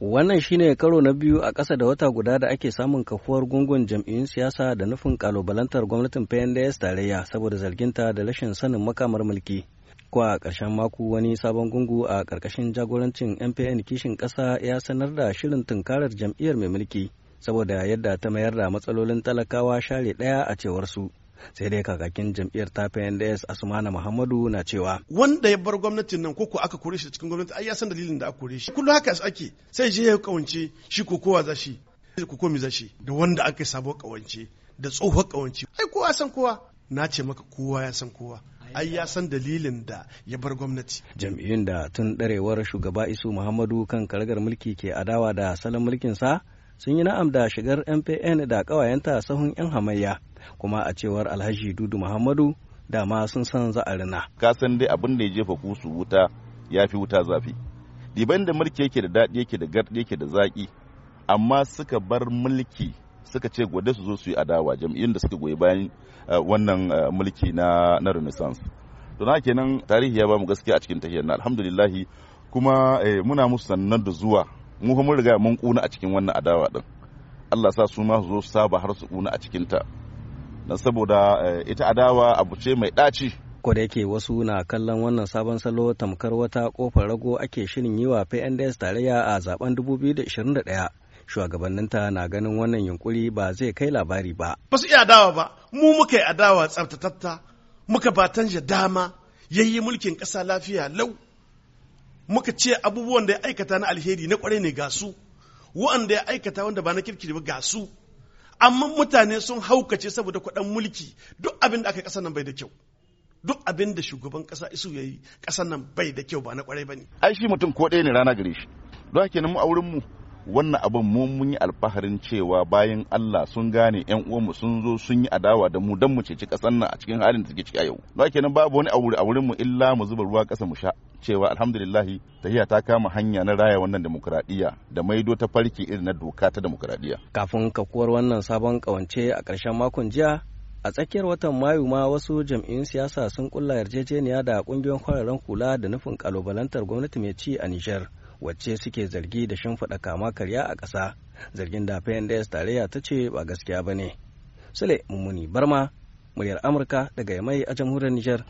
Wannan shine karo na biyu a ƙasa da wata guda da ake samun kafuwar gungun jam'iyyun siyasa da nufin kalubalantar gwamnatin PNDS tarayya saboda zarginta da rashin sanin makamar mulki. Ko a ƙarshen mako wani sabon gungu a ƙarƙashin jagorancin MPN kishin ƙasa ya sanar da shirin tunkarar jam'iyyar mai mulki saboda yadda ta mayar da matsalolin talakawa share ɗaya a cewar su. sai dai kakakin jam'iyyar ta PNDS Asmana Muhammadu na cewa wanda ya bar gwamnatin nan koko aka kore shi da cikin gwamnati ai ya san dalilin da aka kore shi kullum haka ake sai je ya kawance shi ko kowa za shi ko mi za shi da wanda aka sabo kawance da tsohon kawance ai kowa san kowa na ce maka kowa ya san kowa ai ya san dalilin da ya bar gwamnati. Jam'iyyun da tun darewar shugaba Isu Muhammadu kan karagar mulki ke adawa da salon sa, sun yi na'am da shigar MPN da ƙawayenta sahun 'yan hamayya kuma a cewar alhaji dudu muhammadu dama sun san za a rina ka san dai abin da ya jefa kusu wuta ya fi wuta zafi diban da mulki yake da daɗi yake da gardi yake da zaƙi amma suka bar mulki suka ce gwada su zo su yi adawa jam'iyyun da suka goyi bayan eh, wannan eh, mulki na na renaissance to na kenan tarihi ya ba mu gaskiya a cikin tahiyar na alhamdulillah kuma eh, muna musu sannan da zuwa mu kuma riga mun kuna a cikin wannan adawa din Allah sa su ma su zo saba har su kuna a cikin ta na saboda eh, ita adawa abu ce mai ɗaci ko da wasu na kallon wannan sabon salo tamkar wata kofar rago ake shirin yi wa PNDS tarayya a zaben 2021 shugabanninta na ganin wannan yunkuri ba zai kai labari ba ba su iya adawa ba mu muka yi adawa tsabtatatta muka ba batan dama yayi mulkin ƙasa lafiya lau muka ce abubuwan da ya aikata na alheri na kwarai ne ga su wa'anda ya aikata wanda ba na kirkiri ba ga su amma mutane sun haukace saboda kuɗin mulki duk abin da aka ƙasa nan bai da kyau duk abin da shugaban ƙasa isu yayi ƙasa nan bai da kyau ba na kwarai bane ai shi mutum ko ɗaya ne rana gare shi don haka mu a wurin mu wannan abin mu mun yi alfaharin cewa bayan Allah sun gane yan mu sun zo sun yi adawa da mu dan mu ceci kasar nan a cikin halin da take ciki a yau don kenan babu wani aure a wurin mu illa mu zuba ruwa kasa mu sha cewa alhamdulillahi tahiya ta kama hanya na raya wannan demokradiyya da maido ta farki irin na doka ta demokradiyya kafin ka kuwar wannan sabon kawance a ƙarshen makon jiya a tsakiyar watan mayu ma wasu jam'iyyun siyasa sun kulla yarjejeniya da kungiyoyin kwararren kula da nufin kalubalantar gwamnati mai ci a nijar wacce suke zargi da shimfiɗa kama karya a ƙasa zargin da pnds tarayya ta ce ba gaskiya ba ne sule mummuni barma muryar amurka daga yamai a jamhuriyar Nijar.